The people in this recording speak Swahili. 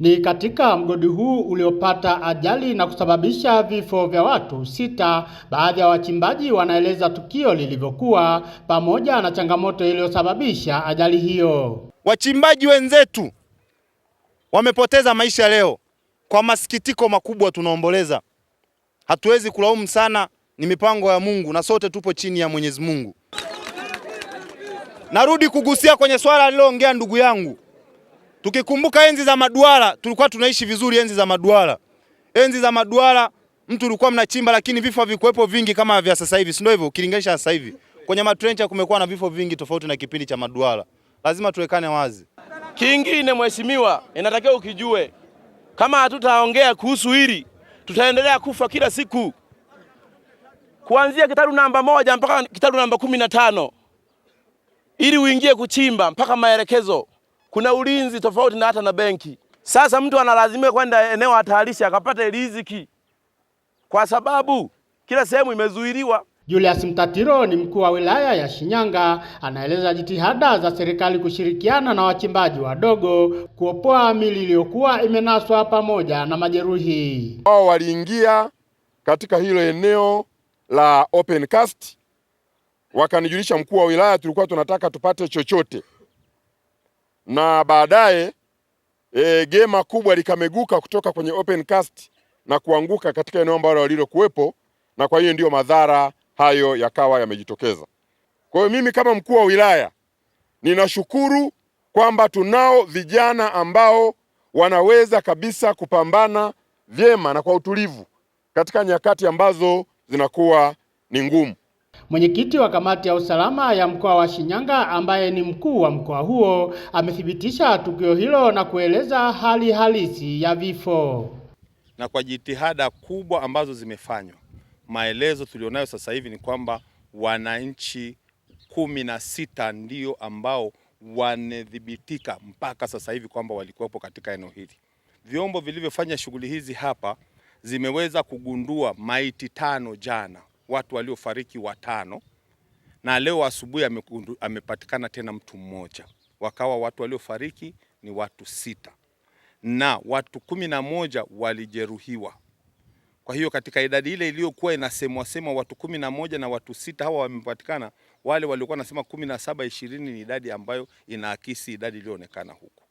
Ni katika mgodi huu uliopata ajali na kusababisha vifo vya watu sita. Baadhi ya wachimbaji wanaeleza tukio lilivyokuwa pamoja na changamoto iliyosababisha ajali hiyo. Wachimbaji wenzetu wamepoteza maisha leo, kwa masikitiko makubwa tunaomboleza. Hatuwezi kulaumu sana, ni mipango ya Mungu na sote tupo chini ya Mwenyezi Mungu. Narudi kugusia kwenye swala aliloongea ndugu yangu Tukikumbuka enzi za maduara, tulikuwa tunaishi vizuri enzi za maduara. Enzi za maduara mtu ulikuwa mnachimba, lakini vifo havikuwepo vingi kama vya sasa hivi, si ndio hivyo? Ukilinganisha sasa hivi kwenye matrencha kumekuwa na vifo vingi tofauti na kipindi cha maduara. Lazima tuwekane wazi. Kingine mheshimiwa, inatakiwa ukijue kama hatutaongea kuhusu hili tutaendelea kufa kila siku, kuanzia kitalu namba moja mpaka kitalu namba kumi na tano ili uingie kuchimba mpaka maelekezo kuna ulinzi tofauti na hata na benki. Sasa mtu analazimika kwenda eneo hatarishi akapata riziki, kwa sababu kila sehemu imezuiliwa. Julius Mtatiro ni mkuu wa wilaya ya Shinyanga, anaeleza jitihada za serikali kushirikiana na wachimbaji wadogo kuopoa mili iliyokuwa imenaswa pamoja na majeruhi. Wao waliingia katika hilo eneo la open cast, wakanijulisha mkuu wa wilaya, tulikuwa tunataka tupate chochote na baadaye e, gema kubwa likameguka kutoka kwenye open cast na kuanguka katika eneo ambalo walilokuwepo, na kwa hiyo ndiyo madhara hayo yakawa yamejitokeza. Kwa hiyo mimi kama mkuu wa wilaya ninashukuru kwamba tunao vijana ambao wanaweza kabisa kupambana vyema na kwa utulivu katika nyakati ambazo zinakuwa ni ngumu. Mwenyekiti wa kamati ya usalama ya mkoa wa Shinyanga ambaye ni mkuu wa mkoa huo amethibitisha tukio hilo na kueleza hali halisi ya vifo. Na kwa jitihada kubwa ambazo zimefanywa, maelezo tulionayo sasa hivi ni kwamba wananchi kumi na sita ndio ambao wanathibitika mpaka sasa hivi kwamba walikuwepo katika eneo hili. Vyombo vilivyofanya shughuli hizi hapa zimeweza kugundua maiti tano jana watu waliofariki watano, na leo asubuhi amepatikana tena mtu mmoja, wakawa watu waliofariki ni watu sita na watu kumi na moja walijeruhiwa. Kwa hiyo katika idadi ile iliyokuwa inasemwa sema watu kumi na moja na watu sita hawa wamepatikana, wale waliokuwa nasema kumi na saba ishirini ni idadi ambayo inaakisi idadi iliyoonekana huku.